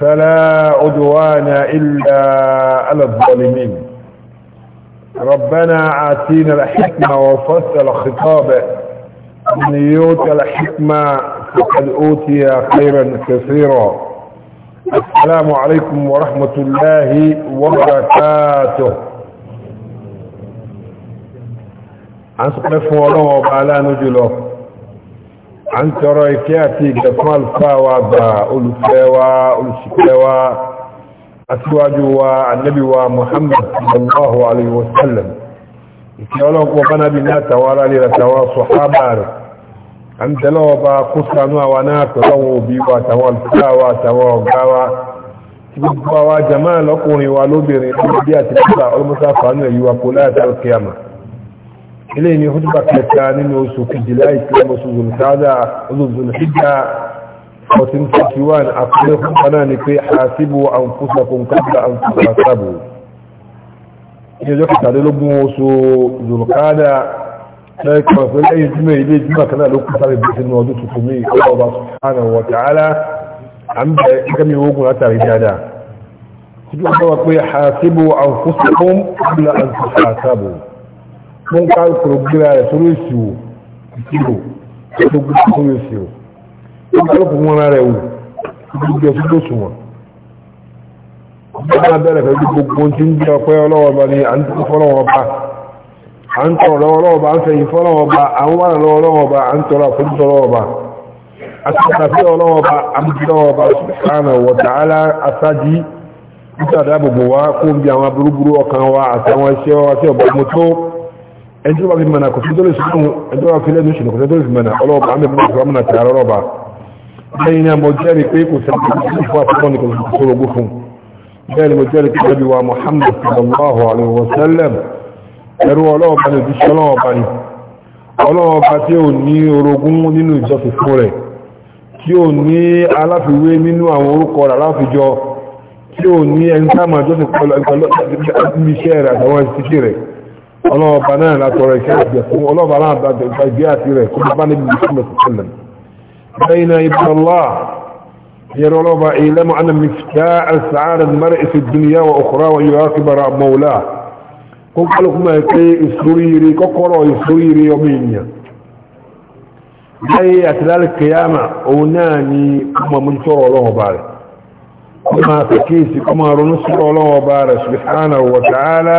فلا عدوان إلا على الظالمين ربنا آتينا الحكمة وفصل خطابه من يوت الحكمة فقد أوتي خيرا كثيرا السلام عليكم ورحمة الله وبركاته عن سقف ولو وبعلا نجله à ń tọrọ ìkẹ́ àti ìgbẹ̀ fún àlùfáà wa gbà olùfẹ́ wa olùṣìpẹ̀ wa aṣíwájú wa annabi wa muhammad sallallahu alaihi wasallam ìkẹ́ ọlọ́pọ̀ bá nábi ní àtàwọn ará lera tàwọn sọ̀hábà rẹ̀ à ń tẹ́lọ́wọ́ bá kó àwa náà pẹ̀lú òbí wa ilé ni hudba kẹta nínú oṣù kejìlá islam oṣù zulhada zulhijja 1441 àkúrẹ́ fún kanáà ni pé àṣíbò àǹfúsakùn kábla àǹfúsasábò ní ọjọ́ kẹtàlélógún oṣù zulhada lẹ́ẹ̀kan pé lẹ́yìn jùmọ̀ ilé jùmọ̀ kanáà ló kú sáré bí sínú ọdún tuntun ní ìkọlọ̀ ọba subhanahu wa ta'ala à ń bẹ̀ gẹ́gẹ́ ogun látàrí dáadáa kújú ọjọ́ wa pé àṣíbò àǹfúsakùn kábla àǹfúsasábò wọ́n ká kòrò gbéra rẹ̀ sórí èsì wò ìkìlò tó gbé sórí èsì wò wọ́n ká lóko wọn rẹ̀ wò gbogbo ẹ̀sùn tó sùn wọ́n. wọ́n bẹ̀rẹ̀ pẹ̀lú gbogbo tí ń jẹ́ ọpẹ́ ọlọ́wọ́ bá ní à ń tún fọ́lọ́wọ́ bá à ń tọrọ lọ́wọ́ bá à ń fẹ̀yìn fọ́lọ́wọ́ bá à ń wà lọ́wọ́ bá à ń tọrọ àfojúsọ lọ́wọ́ bá asàtàfẹ́ ọlọ́wọ́ bá à ń bí lọ́wọ́ bá sùkánà wọ̀tàálá asájì nígbàdàbòbò wa kó ń bí àwọn aburúburú ọkàn wa àtàwọn iṣẹ́ wa tí ọ̀bọ̀ mo tó ẹjọ́ bá fi mẹ́nà kò sí dọ́lẹ̀ sínú ẹjọ́ bá fi lẹ́nu ìṣẹ̀lẹ̀ kò sí dọ́lẹ̀ mẹ́nà ọlọ́ọ̀bá àmì ìpínlẹ̀ ìfọwọ́ mẹ́nà tààrà ọlọ́ọ̀bá lẹ́yìn náà mo jẹ́rìí pé kò sí ìfọwọ́ àfọ́nì kò sí kórógó fún bẹ́ẹ̀ mo jẹ́rìí pé nàbí wa Muhammad sallallahu alaihi wa sallam ẹrú ọlọ́ọ̀bá ni òjíṣẹ́ ọlọ́ọ̀bá ni ọlọ́ọ̀bá tí ò ní orogún nínú ọlọ́ọ̀bá náà látọrọ ìkẹ́ ìgbẹ̀ fún ọlọ́ọ̀bá náà dájọ ìgbẹ́ àti rẹ̀ kó bá níbi ìfúnmẹ̀ sọ́lẹ̀ bẹ́yìn ibùdó yẹrọ ọlọ́ọ̀bá ìlẹ́mọ̀ anà mìfìdá àṣàárẹ̀ mẹ́rẹ̀ ìfì dúnìyà wa òkúra wa yóò fi bara mọ́wùlá kó kálukú máa pé ìsoríire kọ́kọ́rọ̀ ìsoríire ọmọ ènìyàn lẹ́yìn àti lálẹ́ kẹyàmà òun náà ni ọmọ mú sọ̀rọ̀ ọlọ́ọ̀bá rẹ̀ ọmọ àfẹ́kẹ́sì ọmọ àrùn sọ̀rọ̀ ọlọ́ọ̀bá rẹ̀ subhanahu wa ta'ala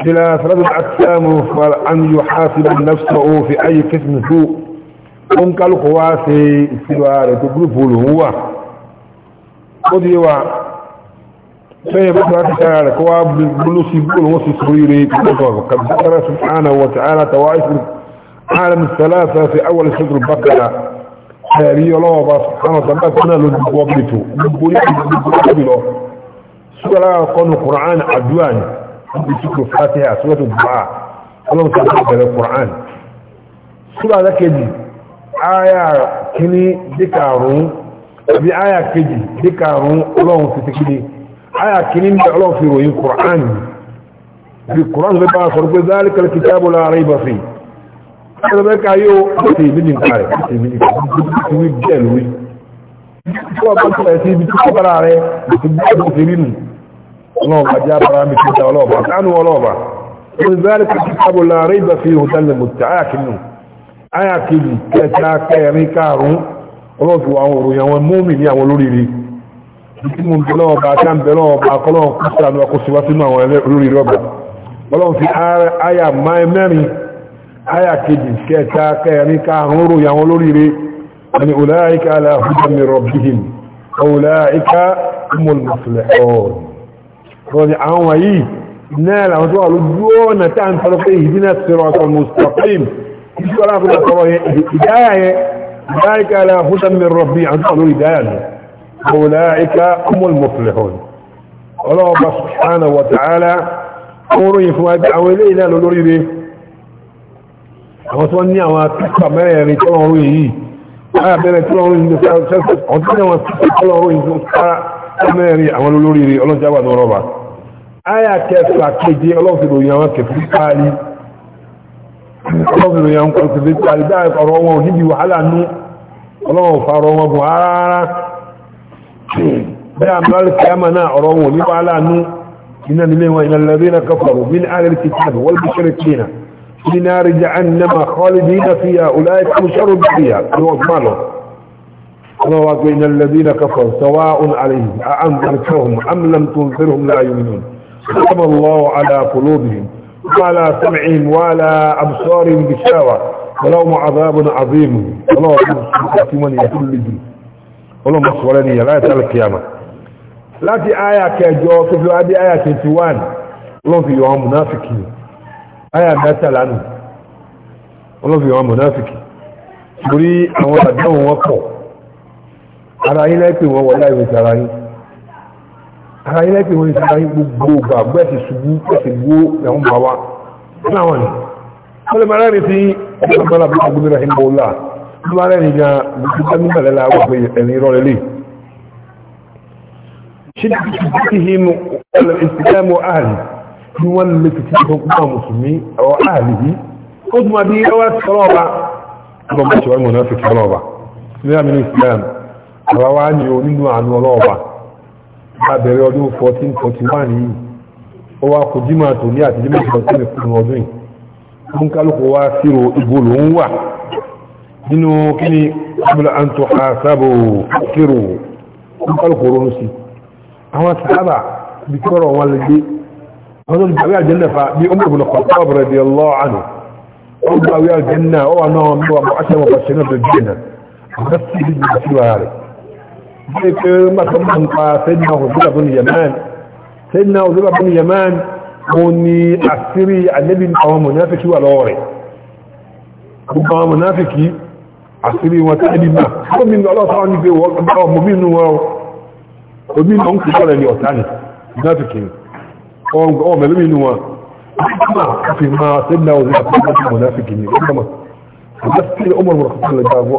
إلى ثلاثة أقسام فأن يحاسب نفسه في أي قسم سوء قم كالقواسي استوارة تقلبه الهوى قدوا فهي بطرة تعالى قواب بلوسي بقول بلوه سوريري قد ذكر سبحانه وتعالى توائف عالم الثلاثة في أول سطر البقرة خيري الله سبحانه وتعالى كنا لنبوبته نبوبته سؤال سورة قرآن عدواني بسكر فاتحة سورة الدعاء اللهم صل على القرآن سورة ذكي آية كني ذكرون بآية كجي ذكرون اللهم تتكلي آية كني اللهم في روي القرآن في القرآن بقى صرف ذلك الكتاب لا ريب فيه هذا بقى يو في من قال في من قال في ويجلوي شو أبغى أقول في بتكبر عليه بتبدأ بترين اللهم اجعل برامجك ولوبا كان ولوبا من ذلك الكتاب لا ريب فيه هدى للمتقين اياكي كتاكيري كارو ولوبا وعورو يا والمؤمن يا ولوري من بلوبا كان بلوبا كلهم كسران وكسوا سنوا ولوري ربا ولو في آية ما ماني آية كجي كتاكيري كارو يا ولوري أن أولئك على هدى من ربهم أولئك هم المفلحون rọ̀dì àwọn wáyé náà làwọn tó wà lójú ọ̀nà tá à ń sọ pé ìdínà sọ̀rọ̀ ọ̀tọ̀ mustaqim ìṣọ́lá àfihàn sọ̀rọ̀ yẹn ìdáyà yẹn ìdáyà la hudan min rabbi àwọn tó wà lórí ìdáyà ni أولئك هم المفلحون الله سبحانه وتعالى قولوا يفوا دعوا إلينا للريد وصني أما تكفى مريم تلعوا رويه أبنى تلعوا رويه أنتنا وصني تلعوا رويه mẹ́rin àwọn olóríire ọlọ́jáwà ní ọlọ́ba áyà kẹfà kéje ọlọ́fìdò yẹn wọn kẹfì káàlì ọlọ́fìdò yẹn wọn kẹfì káàlì dáa ọ̀rọ̀ wọn níbi wàhálà nú ọlọ́wọ̀n farọ wọn gùn rárá bí àmàlì kẹyàmà náà ọ̀rọ̀ wọn ní wàhálà nú iná nílé wọn iná lẹ́bí na kọfọ̀rọ̀ bí ní àlẹ́ kìtàbí wọ́n bí ṣẹlẹ̀ kìnà ní náà rí jẹ́ ànínàmà kọ́lì bí ní الله الذين كفروا سواء عليهم أأنذرتهم أم لم تنذرهم لا يؤمنون ختم الله على قلوبهم وعلى سمعهم وعلى أبصارهم بشاوة ولهم عذاب عظيم اللهم الله يقول يقول اللهم مصورني لا يتعلى القيامة لا في آية كجو في هذه آية كتوان آية اللهم في يوم منافقين آية مثلا اللهم في يوم منافقين torí àwọn àdáwọn wọn ara yín lẹ́pẹ̀ wọ́n wọ́n láìwé sara yín ara yín lẹ́pẹ̀ wọ́n sara yín gbogbo ògbà gbẹ́sì ṣubú gbẹ́sì gbó ẹ̀hún bá wa ní àwọn ni wọ́n lè máa rẹ́rìn sí ọ̀pọ̀ mọ́lá bí agbóni rahim bọ́lá wọ́n máa rẹ́rìn gan gbogbo sẹ́mi mẹ́lẹ́ la wọ́n pé ẹ̀rín rọ́ lélẹ̀ ṣídà ti hí mu ọ̀lẹ̀ ìsìlámù ààrì ni wọ́n lè fi ti fún kúmọ̀ mùsùlùmí àwọn ààrì yìí ó tún máa bí ẹwà sọ́rọ̀ ọba ọba mọ̀ àwa wá ní o nínú àánú ọlọ́ọ̀bà lábẹ̀rẹ̀ ọdún 1441 yìí ó wá kò jímọ̀ tó ní àti jímọ̀ tó sílẹ̀ fún ọdún yìí fún kálukú wá síro ìbò lòún wà nínú kíni abúlé àǹtò àṣàbò kírò fún kálukú ronú sí àwọn sàábà bí kọ́rọ̀ wọn lè gbé tó fa bí ọmọ ìbùnà kọ̀tọ́ di ọlọ́ọ̀ánù ó ó wà náà náà tó jẹ́ náà àwọn zai ke masamman pa sayyidina huzura bin yaman sayyidina huzura bin yaman mo ni asiri annabi àwọn munafiki wà lọ́wọ́ rẹ̀ gbogbo àwọn munafiki asiri wọn tí ẹni náà ó mi lọ́lọ́ sáwọn ní pé wọ́n mọ̀ mí nù wọn omi náà ń kú sọ́rọ̀ ní ọ̀tá ni munafiki wọn mẹ̀lú mi nù wọn fi máa sayyidina huzura bin yaman munafiki ni ọmọ ọmọ ọmọ ọmọ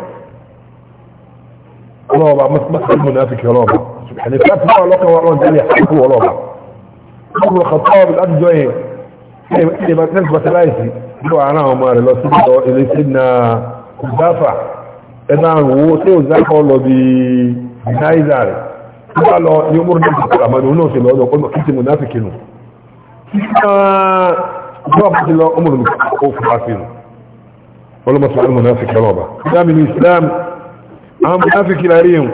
ọlọ́ọ̀bà mọ́sílẹ̀ munafik ọlọ́ọ̀bà ṣùgbọ́n tí wọ́n lọ́kọ̀ wọn jẹ́ àkókò ọlọ́ọ̀bà ọmọ kọ̀tọ́ọ̀bù láti jọ yẹn ṣe bá tẹ́lẹ̀ bàtàláìsì ló wà náà ọmọ rẹ̀ lọ sí ìjọ ilé sí na ìdáfà ẹ̀nà àrùnwó tí ó zákọ̀ lọ bí náírà rẹ̀ tí wọ́n lọ ní ọmọ rẹ̀ ti kọ̀ọ̀mọ́ ní ọ̀nà òṣèlú ọdọ̀ ọmọ kìtì munafik nù ọlọ́mọ sọ̀rọ̀ munafik ọlọ́ọ̀bà أنا منافق إلى ريم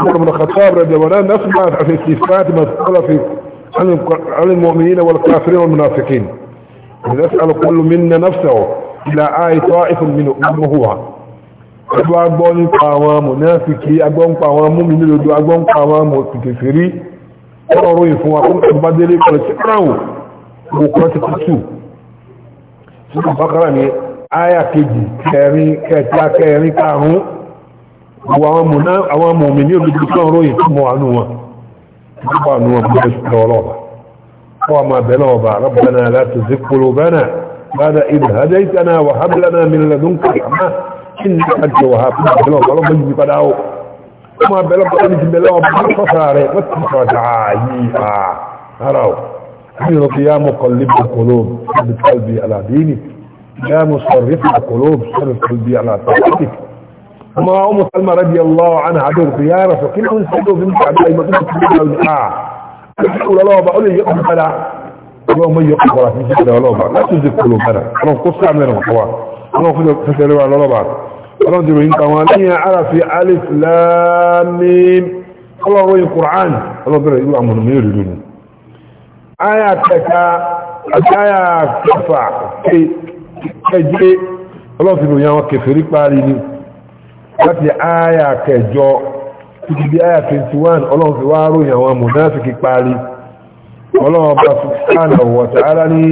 أمر من الخطاب رضي الله نسمع في صفات ما في عن المؤمنين والكافرين والمنافقين نسأل كل منا نفسه إلى آي طائف من أمهوها أدو أبون قاوى منافقي أبون قاوى مؤمنين أدو أبون قاوى مؤتكفري أروا يفوا أقول أبادلي كل شكراه وقرأت كسو سنة بقرة aya kejì kẹrin kẹta kẹrin karùn gbogbo àwọn mùná àwọn mùmí ní olùdí tó ń ròyìn tó mọ àánú wọn gbogbo àánú wọn bí oṣù lọ ọlọ́ọ̀bà fọ́ àmà bẹ̀rẹ̀ ọba rabbana la tuzigh qulubana ba'da idh hadaytana wa hab lana min ladunka rahma innaka antal wahhab bẹ̀rẹ̀ ọba ọlọ́ọ̀bà yìí padà ó ọmọ bẹ̀rẹ̀ ọba ní ti bẹ̀rẹ̀ ọba fọ́sà rẹ̀ wọ́n ti sọ̀tà yìí àárọ̀ àmì rọ̀ kí yá muqallibal qulub qalbi ala dini يا مصرف القلوب صرف قلبي على طاعتك وما أم سلمة رضي الله عنها عدو القيارة فكل كل سيدو في مكعب عدوك ما كنت تقول له أقول الله بقول لي يقف بلا اللهم يقوم بلا في سيدة الله بقى لا تزد قلوبنا أنا قصة عملنا مخوان أنا أخذ فسألوا على الله بقى رجل إن قوانية على في ألف لامين الله روي القرآن الله بره يقول عمهم يريدون آياتك آيات تفع kẹjẹ́ ọlọ́fin òyìn àwọn kẹfẹ́rí parí ni láti àyà kẹjọ títí bí àyà 21 ọlọ́fin wá ròyìn àwọn mùnáfíkì parí ọlọ́ọ̀bá subhanahu wa ta'ala ní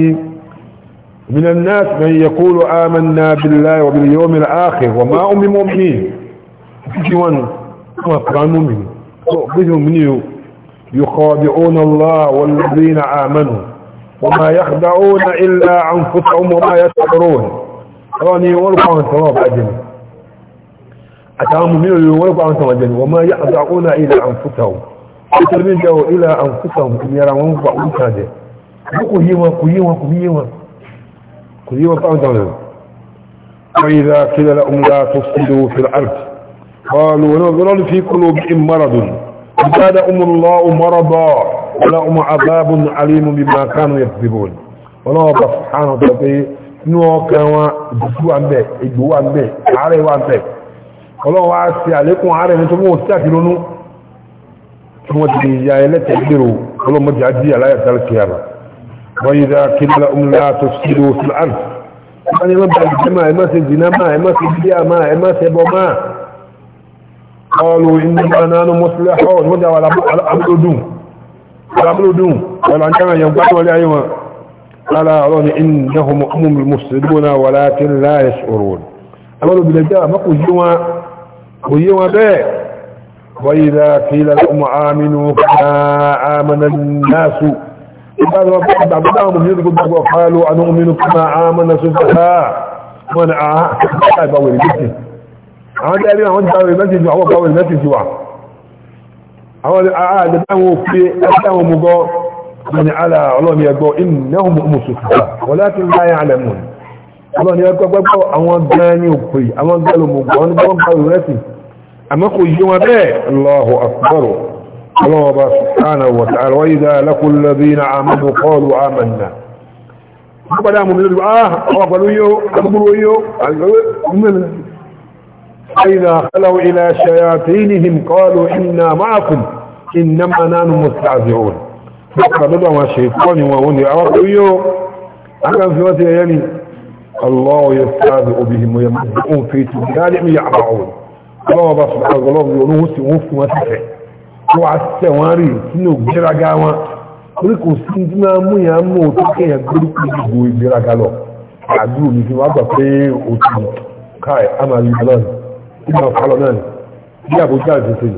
من الناس من يقول آمنا بالله وباليوم الآخر وما هم مؤمنين كيوان ما قران مؤمن بيهم الله والذين آمنوا وما يخدعون إلا أنفسهم وما يشعرون راني ولقوا عن ثواب أجل أتعامل منه ولقوا عن ثواب أجل وما يخدعون إلا أنفسهم أترمين جاءوا إلى أنفسهم إن يرى منفع أنتاج كيما كيما كيما كيما فأنتم وإذا قيل لهم لا تفسدوا في الأرض قالوا ونظر في قلوبهم مرض زادهم الله مرضا ولهم عذاب عليم بما كانوا يكذبون ولو سبحانه وتعالى نو كان دسو امبه اجو امبه are wa ambe ولو واسي عليكم are ni to mo start lonu mo di ya ele tediru ولو mo jaji ala ya dal kiyama واذا كل ام لا تفسدوا في الارض يعني ما بالجماعه ما في جنا ما ما في بديا ما ما في بما قالوا انما نحن مصلحون مدى ولا عبدون الأملودون والعنجان ينبطوا لأيما قال أعلم إنهم أم المفسدون ولكن لا يشعرون أملوا بالجاء مقو جوا ويوا بيع وإذا قيل لهم آمنوا كما آمن الناس قالوا بعضهم يذكر قالوا وقالوا أنؤمن كما آمن سفهاء من آه هذا أول مسجد هذا أبي أنت أول مسجد وهو أول مسجد وهو àwọn àjẹ́báwọn òfin ẹgbẹ́wọn mọ́gọ́ mẹ́ni àlà ọlọ́ni ẹgbọ́ ináhùn mùsùlùmí wọ́láti láyé alẹ́mùn ọlọ́ni ẹgbọ́ gbogbo àwọn gẹ́ẹ̀ni òpin àwọn gẹ́ẹ̀lò mọ́gọ́ wọn gbọ́n gbọ́rù rẹ́sì àmọ́kò yí wọn bẹ́ẹ̀ lọ́hù akbọ́rù ọlọ́ọba sùkánà wọ̀ta àrọ́yìdá lákùnlẹ́bìnà àmọ́bù kọlù àmànà wọ́n padà mọ̀ فإذا خلوا إلى شياطينهم قالوا إنا معكم إنما نحن مستعزعون فقالوا ما شيطان وهم يعرفوا أكن في وقت يعني الله يستعزئ بهم ويمدعون في تجالهم يعرعون الله سبحانه وتعالى يقولون سيوف وسفع وعسواري سنو جرقاوا oríkò sí tí máa mú ìyá mú òtún kéèyàn gbórí pé gbogbo ìgbéraga lọ àdúrò ní fi wá gbà pé ìgbà ọ̀pọ̀lọ̀ náà ni bí àbújá àtìsí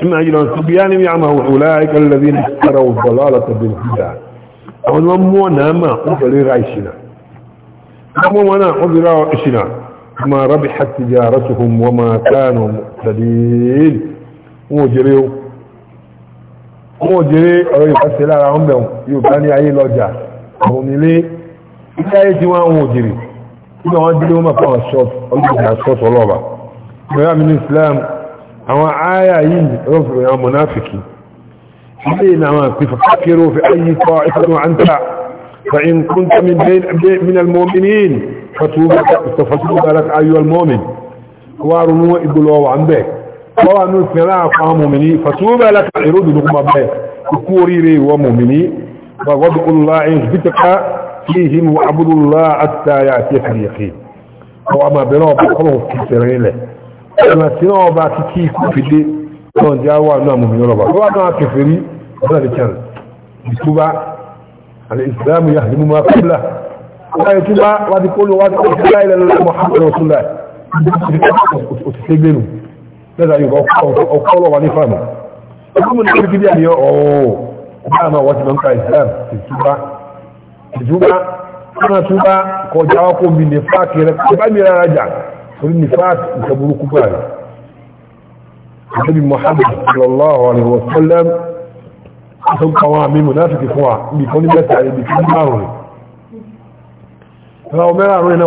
ثم أجل أن تبيان يعمه أولئك الذين اشتروا الضلالة بالهدى أو نمونا ما قبل رأيشنا نمونا قبل رأيشنا ما ربحت تجارتهم وما كانوا مقتدين موجريو موجري أو كل واحد اليوم فاضل الشوط الله الشوط والله ما ما هو عايين رفع يا منافقي حين ما تفكروا في أي طائفة عنك فإن كنت من بين من المؤمنين فتوبك استفسروا لك أيها المؤمن وارنوا إبلوا عندك وانوا سلاع قاموا مني فتوب لك إرود لغم فيهم واعبدوا الله حتى يأتيك اليقين أو أما بنوع بقره في سرين له أما سنوع باتكي في دي كون جاوا نام من يربا هو أنا كفري ولا بكان بسبع الإسلام يهدم ما قبله ولا يتبع وادي كل وادي لا إله إلا محمد رسول الله وتسجنوا لذا يبقى أو قولوا وعلي فهموا أقول من الكبير يعني أوه أما وادي من قال الإسلام بسبع ìtúbá ọ̀nà túbá kọjá ọkọ̀ mi ní fáàkì rẹ̀ kọ́ bá mi rárá jà orí ní fáàkì ìtẹ́ burúkú bá rẹ̀ àtẹ́bí Muhammad sallallahu alaihi wa sallam tó ń kàwọn àmì mùnáfíkì fún wa ibi kan ní mẹ́ta ibi kan ní márùn rẹ̀ ọmọ mẹ́rin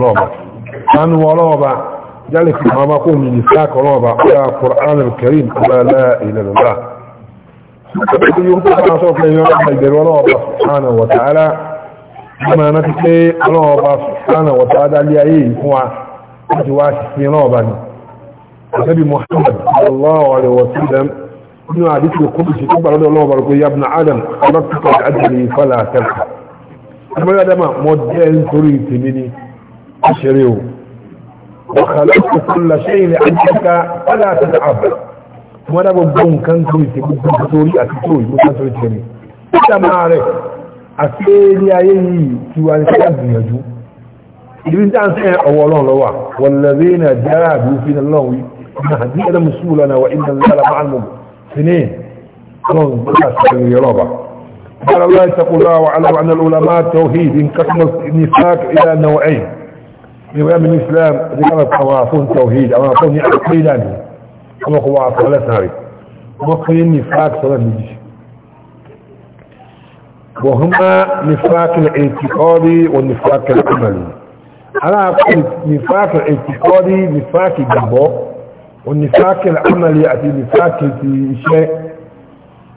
àrùn ذلك ما قوم من إساك ورابع يا قرآن الكريم لا لا إله إلا الله يقول صوت الإمام البر ورابع سبحانه وتعالى ما نتكي رابع سبحانه وتعالى لأيه هو أجواش في رابع النبي محمد صلى الله عليه وسلم ابن عديث القدس تقبل الله وبركاته يا ابن آدم خلقتك لأجلي فلا تبكى أما يا مدين تريد مني أشريه وخلقت كل شيء لأجلك فلا تتعب ولا ببون كان كويتي ببون كتوري أكتوري ببون كتوري كريم انت ما عارف أكيلي أيهي كيواني كيان يجو ibin da an sai awolon lawa wallazina jahadu fi allahi nahdi ila musulana wa inna allaha ma'al muhsinin don ba su قال الله الله أن العلماء توحيد انقسم النفاق إلى نوعين يبقى من الإسلام اللي كانت أمراسون التوحيد أعطوني يأخي لاني أما أخوة عطي على ساري مقيم نفاق صلى الله عليه وهما نفاق الاعتقادي والنفاق العملي أنا أقول نفاق الاعتقادي نفاق الجبو والنفاق العملي يأتي نفاق الشيء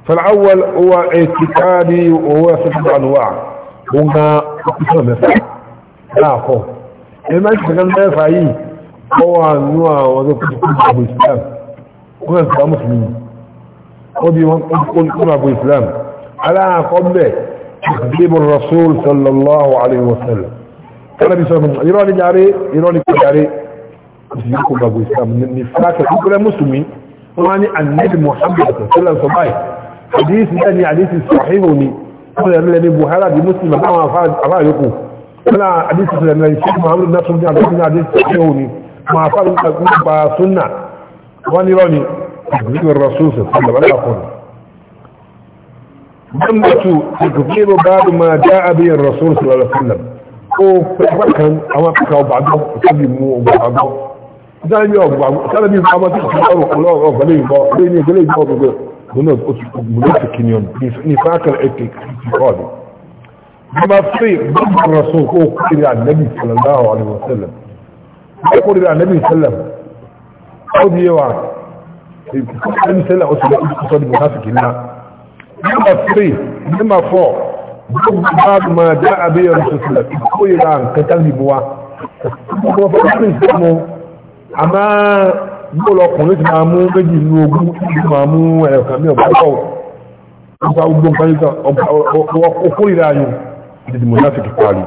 فالأول هو اعتقادي وهو ستة أنواع هنا تقسم مفاق لا أخوه ẹ̀mà ti kankan mẹ́fà yìí ó wà nú àwọn ọdún kúrò kúrò àbò islam kúrò àbò mùsùlùmí ó bí wọn kúrò àbò islam aláàkọ́ bẹ̀ ìdíbò rasul sallallahu alaihi wasallam kọ́nà bí sọ́mù irọ́ ni jàre irọ́ ni kò jàre mùsùlùmí kúrò àbò islam ní fàákẹ́ kúrò mùsùlùmí wọ́n ní annabi muhammad sallallahu alaihi wasallam hadith ni hadith sahihu ni wọ́n wọ́n àdísì sílẹ̀ náà ṣe muhammadu nasu ní àdísì náà àdísì ṣe òní máa fáwọn ìgbàgbọ́n nípa súnà wọ́n ní rọ́ni ìgbìyànjú rasúùsù fún ìgbàgbọ́n náà fún un nasu ìgbìyànjú báàdù máa já abiyàn rasúùsù lọ́lọ́ sílẹ̀ ó pẹ̀lú kan àwọn akẹ́kọ̀ọ́ ọgbàgbọ́ sábì mú ọgbàgbọ́ sábì ọgbàgbọ́ sábì ọmọ tí kò sọ̀rọ̀ ọlọ́rọ̀ ọ̀gbẹ́lẹ̀ ìbọ̀ lẹ́yìn ìgbẹ́lẹ̀ ìbọ̀ gbogbo بما في ضد الرسول هو قرر عن النبي صلى الله عليه وسلم قرر عن النبي صلى الله عليه وسلم قد يوعد النبي صلى الله عليه وسلم اقتصاد منافق الله بما في بما فوق ضد بعد ما جاء به الرسول صلى الله عليه وسلم قرر عن قتال بوا وفقر اسلامه اما gbọ́lọ̀ ọkùnrin ti máa mú méjì ní ogún ìlú máa mú ẹ̀ẹ̀kan ní ọ̀pọ̀ ọ̀pọ̀ ọgbọ́n kan ní ọkùnrin ìrìn àyùn àti mùnáfíkì parí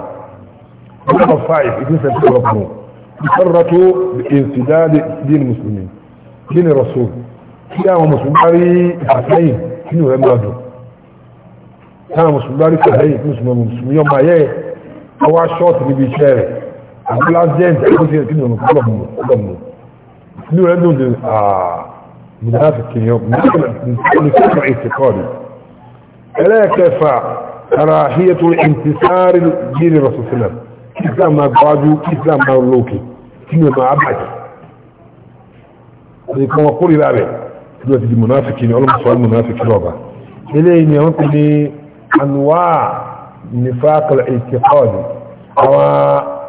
number five ìdí sẹ́ńtì ọlọ́pàá ìfọ́rọ̀tò ìsìdáàdì dín mùsùlùmí dín rasul kí àwọn mùsùlùmí bá rí àtẹ́yìn kí ni òun máa dùn táwọn mùsùlùmí bá rí àtẹ́yìn kí mùsùlùmí mùsùlùmí ọmọ ayé ọwọ́ aṣọ́ọ̀tì níbi iṣẹ́ rẹ̀ àbúlá jẹ́ǹtì àkọsílẹ̀ kí ni òun kọ́ lọ́mù kí ni òun dùn dùn mùnáfíkì yọ mùnáfíkì ní kí ni kí ni ìsìkọ́ọ̀dì ẹlẹ́ẹ̀kẹfà كراهية انتصار دين الرسول صلى الله عليه وسلم إسلام ما قادوا إسلام ما لوكي كنو ما عبعك كما قول الأبي دلوقتي دي منافقين علم سؤال منافق رابع إليه ينطني أنواع نفاق الاعتقادي أو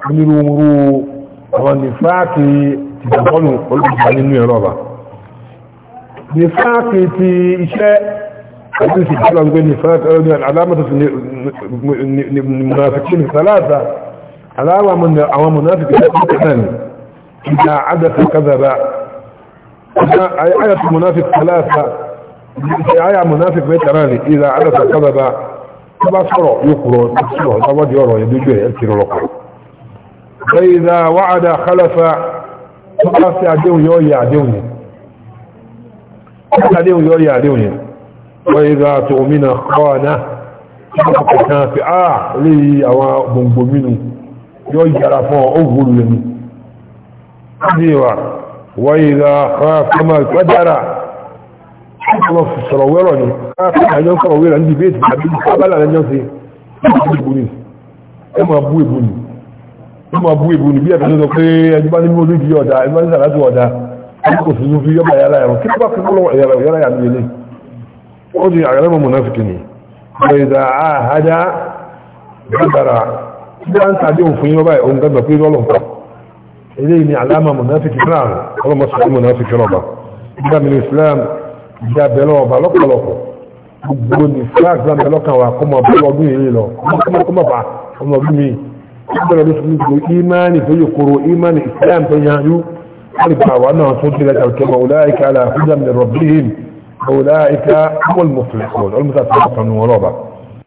من الأمور أو النفاق تدخلوا قلت عن النوع رابع نفاق تي إشاء حديث الكلام بين نفاق العلامة المنافقين الثلاثة علامة من أو منافق الثاني إذا عدث كذبا أي آية المنافق ثلاثة آية المنافق بيت أراني إذا عدت كذبا تبصره يقرر تبصره تبصره يرى يدجوه يلكر لقر فإذا وعد خلف تبصر يعدون يوي يعدون يعدون يوي يعدون وإذا تؤمن خانة كان في آه لي أو بنبومينو يجرى فوق أغل لني ديوة وإذا خاف كما الفجر كما في الصراويراني خاف أجان صراوير عندي بيت بحبيب قبل على الناس يبوني كما أبوي بوني كما أبوي بوني بيا كنت أقول أجباني مولي جيودا أجباني سرعات ودا أجباني سنوفي يبا يلا يلا كيف بقى كل يلا يلا يلا يلا ودي أغلب منافقين فإذا عاهد بدر أنت عديهم فيه وبقى يقوم قد مفيد ولهم إليه علامة منافق إسلام اللهم صحيح منافق ربا إذا من الإسلام إذا بلوه بلوك بلوك gbogbo ní flag náà bẹ̀rẹ̀ lọ́kàn wa kọ́mọ bí ọdún yìí lọ kọ́mọ kọ́mọ bá ọmọ bí mi bẹ̀rẹ̀ ló fi gbogbo imani tó yẹ kóró imani islam tó yanjú wọ́n ní bá wa náà tó dé lẹ́jà kẹmọ̀ ọ̀lá ìkàlà fújàmì rọ̀bìhìm أولئك هم المفلحون المتفلحون ورابع